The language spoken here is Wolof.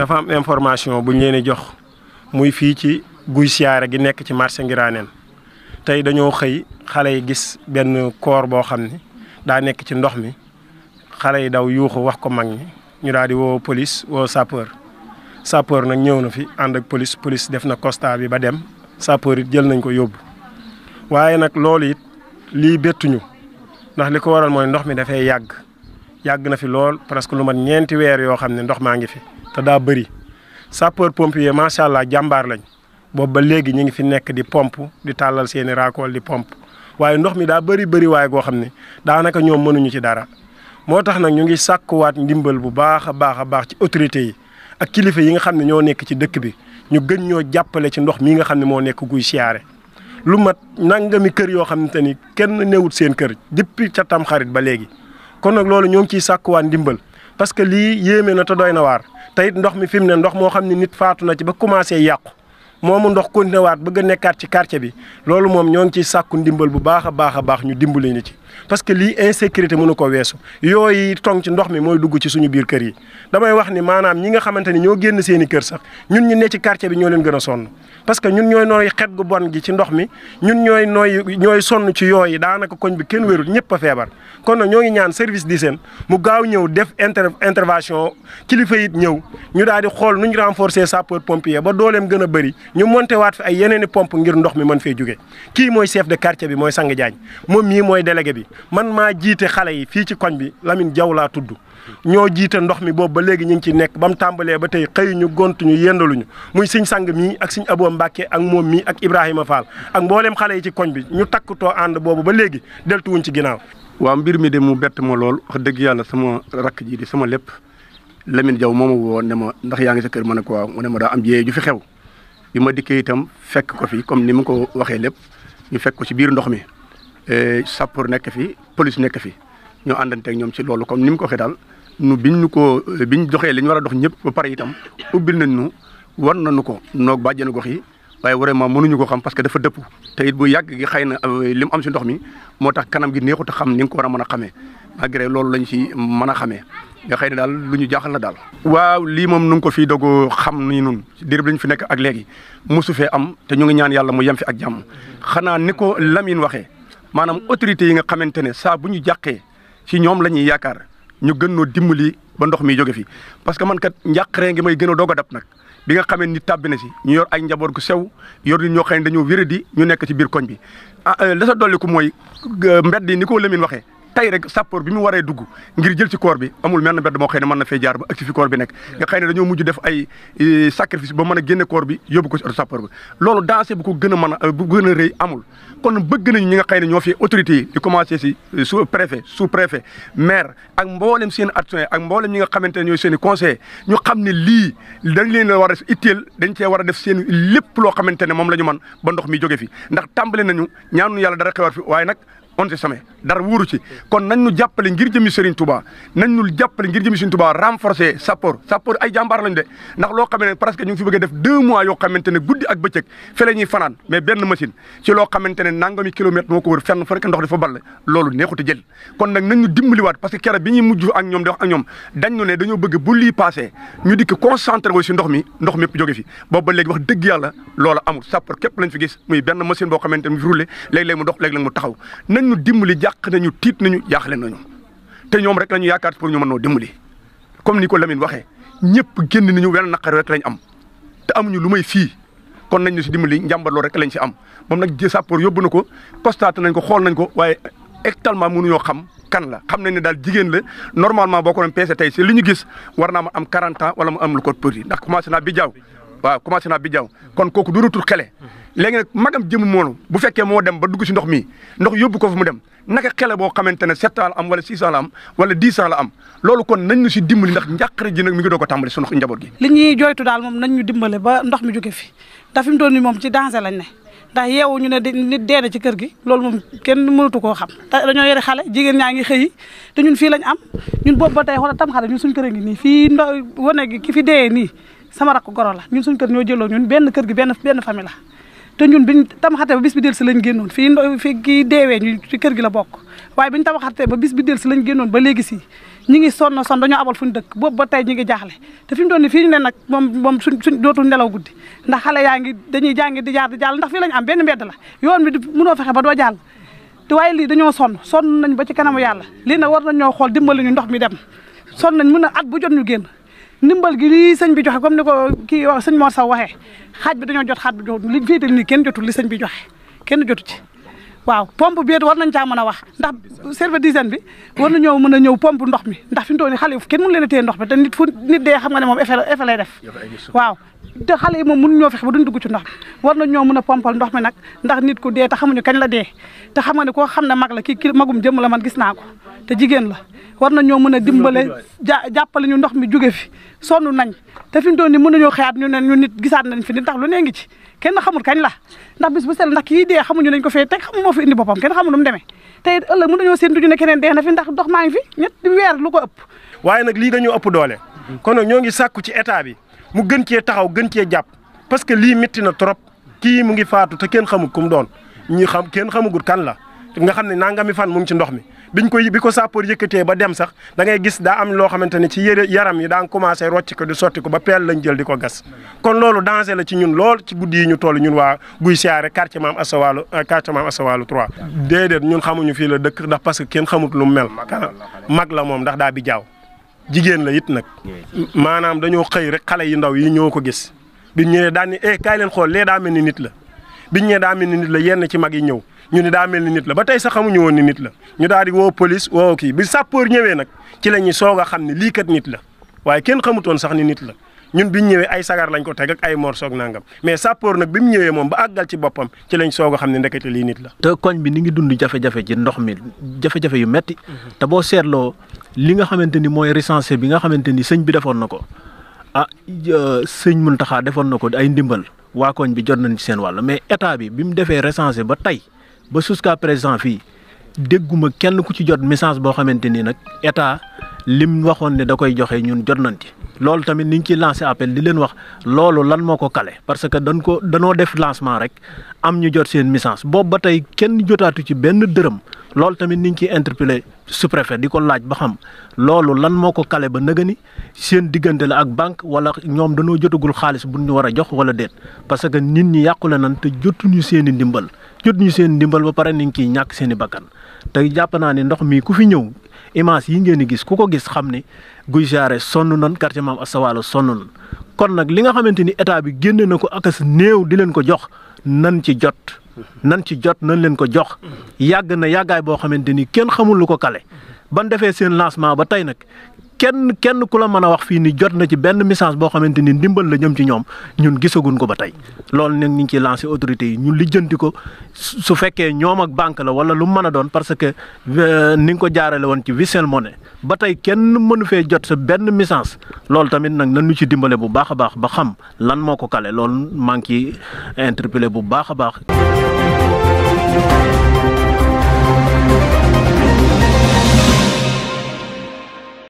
dafa am information buñ leen di jox muy fii ci guy siyaare gi nekk ci marché Ngiraneen tey dañoo xëy xale yi gis benn koor boo xam ne daa nekk ci ndox mi xale yi daw yuuxu wax ko mag ñi ñu daal di woo police woo sapeur sapeur nag ñëw na fi ànd ak police police def na constat bi ba dem sapeur it jël nañ ko yóbbu waaye nag loolu it lii bettuñu ndax li ko waral mooy ndox mi dafay yàgg yàgg na fi lool presque lu mat ñeenti weer yoo xam ne ndox maa ngi fi. te daa bëri sapeur pompier macha allah jàmbaar lañ boobu ba léegi ñu ngi fi nekk di pomp di tàllal seen i raakool di pompe waaye ndox mi daa bëri bëri waaye goo xam ne daanaka ñoom mënuñu ci dara moo tax nag ñu ngi sàkkuwaat ndimbal bu baax a baax a baax ci autorités yi ak kilifa yi nga xam ne ñoo nekk ci dëkk bi ñu gën ñoo jàppale ci ndox mii nga xam ne moo nekk guy siyaare lu mat nangami kër yoo xam te ni kenn newut seen kër depuis ca tam xarit ba léegi kon nag loolu ñoo ngi ciy sàkkuwaat ndimbal parce que lii yéeme na te doy na waar te ndox mi fi mu ne ndox moo xam ne nit faatu na ci ba commencé yàqu moomu ndox continué waat bëgg a nekkaat ci quartier bi loolu moom ñoo ngi ciy sàkku ndimbal bu baax a baax a baax ñu dimbali ñu ci. parce que lii insécurité mënu ko weesu yooy tong ci ndox mi mooy dugg ci suñu biir kër yi damay wax ni maanaam ñi nga xamante ni ñoo génn seen i kër sax ñun ñu ne ci quartier bi ñoo leen gën a sonn parce que ñun ñooy nooy xet gu bon gi ci ndox mi ñun ñooy nooy ñooy sonn ci yooyu daanaka koñ bi kenn wérul ñëpp a feebar kon na ñoo ngi ñaan service di d'hygiène mu gaaw ñëw def inter intervention kilifa yi ñëw ñu daa di xool nu ñu renforcer sapeur pompier ba dooleem gën a bëri ñu monté waat fi ay yeneeni pompe ngir ndox mi mën fee jóge kii mooy chef de quartier bi mooy sang jaañ moom mii mooy délégué bi man maa jiite xale yi fii ci koñ bi Lamine Diaw laa tudd ñoo jiite ndox mi boobu ba léegi ñu ngi ci nekk ba mu tàmbalee ba tey ñu xëyuñu ñu yendaluñu muy siñ sang mii ak siñ Abo Mbàkke ak moom mii ak Ibrahima faal ak mbooleem xale yi ci koñ bi ñu too ànd boobu ba léegi deltuwuñ ci ginaaw waaw mbir mi de mu bett ma lool wax dëgg yàlla sama rakk ji di sama lépp Lamine jaw moo ma woo ne ma ndax yaa ngi sa kër ma ne ko waaw ne ma daa am jiyee ju fi xew bi ma dikkee itam fekk ko fi comme ni ma ko waxee lépp ñu fekk ci biir ndox mi Eh, sapeur nekk fi police nekk fi ñoo àndanteeg ñoom si loolu comme ni mu ko waxee daal nu biñ ñu ko eh, biñ doxee li ñu war a dox ñëpp ba pare itam ubbil nañ ñu war na nañu ko noog bàjjenu gox yi waaye vraiment mënuñu ko xam parce que dafa dëpp te it bu yàgg gi xëy na eh, li mu am si ndox mi moo tax kanam gi neexut a xam ni nga ko war a mën a xamee malgré loolu lañ si mën a xamee xëy na daal lu ñu jaaxal daal. waaw lii moom nu ko fii dogo xam ni nun diir bi lañ fi nekk ak léegi mosu fee am te ñu ngi ñaan yàlla mu yem fi ak jàmm xanaa ni ko Lamine waxee. maanaam autorités yi nga xamante ne saa bu ñu jàqee si ñoom la ñuy yaakaar ñu gën noo dimbali ba ndox mi jóge fi parce que man kat njàqaree ngi may gën a doog a dab nag bi nga xamee ni tàbbi na si ñu yor ay njaboot gu sew yor nit ñoo xam ne dañoo wéradi ñu nekk ci biir koñ bi ah euh, la sa dolliku mooy euh, mbedd yi ni ko Lamine waxee. tey rek sappoor bi mu waree dugg ngir jël ci koor bi amul menn mbedd moo xëy ne mën na fee jaar ba ak ci fi koor bi nekk nga xëy ne dañoo mujj def ay e, sacrifice ba mën a génne koor bi yóbbu ko ci oto bi loolu dansé bu ko gën a mën a euh, bu gën a rëy amul kon bëgg nañu ñi nga xëy ne ñoo fi autorité yi di commencé si euh, sous préfet sous préfet maire ak mboolem seen action ak mboolem ñi nga xamante ne ñooy seen i conseil ñu xam ni lii dañ leen la war a def itteel dañ cee war a def seen lépp loo xamante ne moom la ñu mën ba ndox mi jóge fi ndax tàmbale nañu ñaanu yàlla dara xewaat fi waaye nag on sait jamais dara wóoru ci kon nañ ñu jàppale ngir jëmi Serigne Touba nañ ñu jàppale ay jàmbaar lañ de ndax loo xam ne presque ñu fi bëgg a def deux mois yoo xamante ne guddi ak bëccëg fi la ñuy fanaan mais benn machine ci loo xamante ne nangami kilomètre moo ko wër fenn fa rek ndox dafa ball loolu neexut a jël kon nag nañ ñu dimbaliwaat parce que kere bi ñuy mujj ak ñoom di ne dañoo bëgg bu lii ñu dikk concentré wu si ndox mi ndox mépp jóge fi wax dëgg yàlla loola amul sapeur képp lañ fi gis muy benn machine boo xamante ne mu nu dimbali jàq nañu tiit nañu jaaxle nañu te ñoom rek la ñu yaakaar pour ñu mën noo dimbali comme ni ko Lamine waxee ñëpp génn nañu wenn naqar rek lañ am te amuñu lu may fii kon nañ ñu si dimbali njàmbarloo rek lañ si am moom nag sapeurs yóbbu na ko constaté nañ ko xool nañ ko waaye mu exactement mënuñoo xam kan la xam nañ ne daal jigéen la normalement boo ko doon peese tey si li ñu gis war na ma am 40 ans wala mu am lu ko përi ndax commencé naa bi jaaw waaw commencé naa bi jaw kon kooku du retour xele léegi nag magam jëm moonu bu fekkee moo dem ba dugg si ndox mi ndox yóbbu ko fu mu dem naka xele boo xamante ne sept ans la am wala six ans la am wala dix am loolu kon nañ ñu si dimbali ndax njàqare ji nag mu ngi doo ko tàmbali sunu njaboot gi. li ñuy jooytu daal moom nañ ñu dimbale ba ndox mi jóge fi ndax fi mu doon nii moom ci danger lañ ne ndax yeewu ñu ne nit dee na ci kër gi loolu moom kenn mënatu koo xam dañoo yore xale jigéen ñaa ngi xëyi te ñun fii lañ am ñun boobu ba tey xoolal tam xale ñun suñu kër ngi nii fii ndo wane gi ki fi dee nii sama rakk goro la ñun suñ kër ñoo jëloo ñun benn kër gi benn benn famille la te ñun biñ tabaxate ba bis bi del si lañ génnoon fii fii kii deewee ñu ci kër gi la bokk waaye biñ tabaxate ba bis bi del si lañ génnoon ba léegi si ñi ngi sonn sonn dañoo abal fuñ dëkk boobu ba tey ñi ngi jaaxle te fi mu doon ne fii ñu ne nag moom moom suñ suñ dootul nelaw guddi ndax xale yaa ngi dañuy jàngi di jaar di jàll ndax fii lañ am benn mbedd la yoon bi mënoo fexe ba doo jàll te waaye lii dañoo sonn sonn nañ ba ci kanamu yàlla lii nag war nañ ñoo xool dimbali ndox mi dem sonn nañ mën a at bu jot ñu génn ndimbal gi lii sëñ bi joxe comme ni ko kii wax sëñ Mor Sow waxee xaaj bi dañoo jot xaaj bi joxut liñ féetal nii kenn jotul li sëñ joxe kenn jotu ci waaw pompe bi war nañ caa mën a wax ndax service d'hygiène bi war na nañoo mën a ñëw pompe ndox mi ndax fi mu toll nii xale yi kenn mënu leen a ndox mi te nit fu nit dee xam nga ne moom effet effet lay def waaw te xale moom mënu ñoo fexe du duñ dugg ci ndox mi war na ñoo mën a pompal ndox mi nag ndax nit ku dee te xamuñu kañ la dee te xam nga ne ko xam ne mag la kii magum jëm la man gis naa ko te jigéen la war na ñoo mën a dimbale ja jàppale ñu ndox mi jóge fi sonn nañ te fi mu doon ni mën nañoo xëyaat ñu ne ñu nit gisaat nañ fi nit ndax lu nee ngi ci kenn xamul kañ la ndax bis bu sell ndax kii dee xamuñu nañ ko fee teg xamu moo fi indi boppam kenn xamul nu mu demee te it ëllëg mën nañoo séentu ñu ne keneen dee na fi ndax ndox maa ngi fi ñett weer lu ko ëpp waaye nag lii dañoo ëpp doole kon nag ñoo ngi sàkku ci état bi mu gën cee taxaw gën cee jàpp parce que lii métti na trop kii mu ngi faatu te kenn xamul ku mu doon ñi xam kenn xamagul kan la nga xam ne nangami fan mu ngi ci ndox mi biñ koy bi ko sapeur yëkkatee ba dem sax da gis daa am loo xamante ne ci yére yaram yi daan commencé rocci ko di sotti ko ba peel lañ jël di ko gas kon loolu danger la ci ñun lool ci guddi yi ñu toll ñun waa guy siyaare quartier maam asawalu euh, quartier maam asawalu 3 déedéet ñun xamuñu fii la dëkk ndax parce que kenn xamut lu mu mel mag la moom ndax daa bi jaaw jigéen la it nag maanaam dañoo xëy rek xale yu ndaw yi ñëw ko gis biñ ñëwee daan ni eh kaay leen xool lee daa mel ni nit la biñ ñee daa mel ni nit la yenn ci mag yi ñëw ñu ni daa mel ni nit la ba tey sax xamuñu woon ni nit la ñu daal di woo police woo kii bi sapeur ñëwee nag ci la ñuy soog a xam ne lii kat nit la waaye kenn xamutoon sax ni nit la ñun biñ ñëwee ay sagar lañ ko teg ak ay morsoog nangam mais sapeur nag bi mu ñëwee moom ba àggal ci boppam ci lañ soog a xam ne ndekete lii nit la. te koñ bi ni ngi dund jafe-jafe ci ndox mi jafe-jafe yu metti mhm. te boo seetloo li nga xamante ni mooy recensé bi nga xamante ni sëñ bi defoon na ko ah sëñ Muntaxa defoon na ko ay ndimbal waa koñ bi jot nañ ci seen wàll mais état bi bi mu defee recensé ba tey ba jusqu'à présent fii dégguma kenn ku ci jot message boo xamante ni nag état lim waxoon ne da koy joxe ñun jot nañ ci. loolu tamit ni ñu ciy lancé appel di leen wax loolu lan moo ko kale parce que dañ ko danoo def lancement rek am ñu jot seen missance boobu ba tey kenn jotaatu ci benn dërëm. loolu tamit niñ ciy interpellé sous di ko laaj ba xam loolu lan moo ko kale ba nëgëni seen diggante la ak banque wala ñoom dañoo jotagul xaalis bu ñu war a jox wala déet parce que nit ñi yàqule nan te jotuñu seen i ndimbal jotuñu seen ndimbal ba pare niñ ciy ñàkk seeni i bakkan te jàpp naa ne ndox mi ku fi ñëw image yi ngeen di gis ku ko gis xam ne Guy Jaare sonn nan quartier Maam Asta Walo sonn nan kon nag li nga xamante ni état bi génne na ko akas néew di leen ko jox nan ci jot nan ci jot nan leen ko jox yàgg na yàggaay boo xamante ni kenn xamul lu ko kale ban defee seen lancement ba tey nag kenn kenn ku la mën a wax fii ni jot na ci benn message boo xamante ni ndimbal la ñoom ci ñoom ñun gisaguñ ko ba tey lool nag ñu ngi ciy lancé autorités yi ñu lijjanti ko su fekkee ñoom ak banque la wala lu mën a doon parce que euh, ni nga ko jaarale woon ci Wizall Money ba tey kenn mënu fee jot sa benn message loolu tamit nag nañu ci dimbale bu baax a baax ba xam lan moo ko kale lool maa ngi ciy interpellé bu baax a baax.